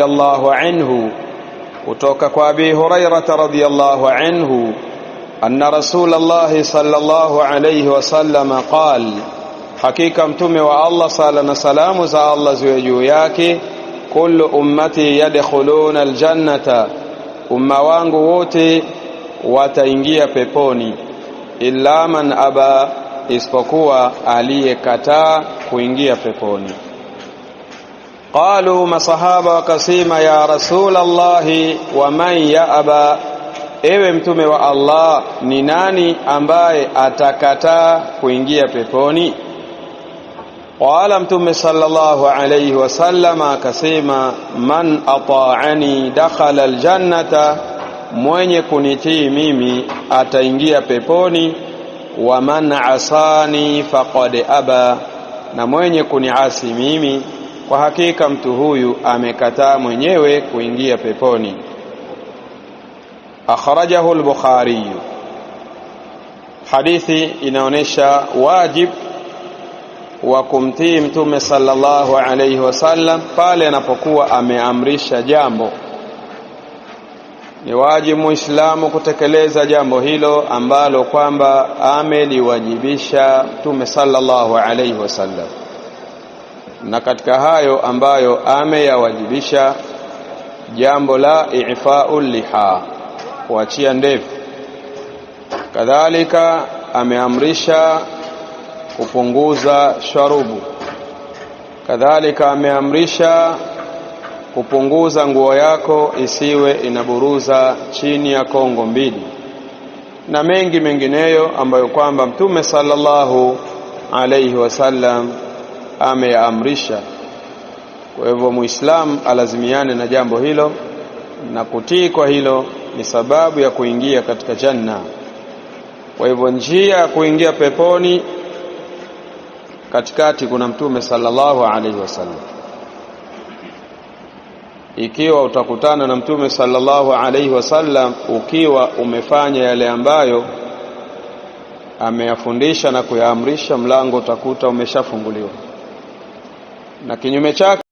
radiyallahu anhu kutoka kwa Abi Hurairah radiyallahu anhu anna Rasulullah sallallahu alayhi wasallam qal, hakika mtume wa Allah sala na salamu za Allah ziwe juu yake, kullu ummati yadkhuluna aljannata, umma wangu wote wataingia peponi, illa man aba, isipokuwa aliyekataa kuingia peponi qalu, masahaba wakasema, ya rasulallahi wa man yaaba, ewe mtume wa Allah, ni nani ambaye atakataa kuingia peponi? Qala Mtume sallallahu alayhi wasallam akasema, man ata'ani dakhala aljannata, mwenye kunitii mimi ataingia peponi. Wa man asani faqad aba, na mwenye kuniasi mimi kwa hakika mtu huyu amekataa mwenyewe kuingia peponi. Akhrajahu al-Bukhari. Hadithi inaonyesha wajib wa kumtii Mtume sallallahu alayhi wasallam pale anapokuwa ameamrisha jambo. Ni wajibu Muislamu kutekeleza jambo hilo ambalo kwamba ameliwajibisha Mtume sallallahu alayhi wasallam na katika hayo ambayo ameyawajibisha jambo la ifau liha, kuachia ndevu. Kadhalika ameamrisha kupunguza sharubu, kadhalika ameamrisha kupunguza nguo yako isiwe inaburuza chini ya kongo mbili, na mengi mengineyo ambayo kwamba Mtume sallallahu alaihi wasallam ameyaamrisha. Kwa hivyo Muislamu alazimiane na jambo hilo, na kutii kwa hilo ni sababu ya kuingia katika janna. Kwa hivyo njia ya kuingia peponi, katikati kuna Mtume sallallahu alaihi wasallam. Ikiwa utakutana na Mtume sallallahu alaihi wasallam ukiwa umefanya yale ambayo ameyafundisha na kuyaamrisha, mlango utakuta umeshafunguliwa na kinyume chake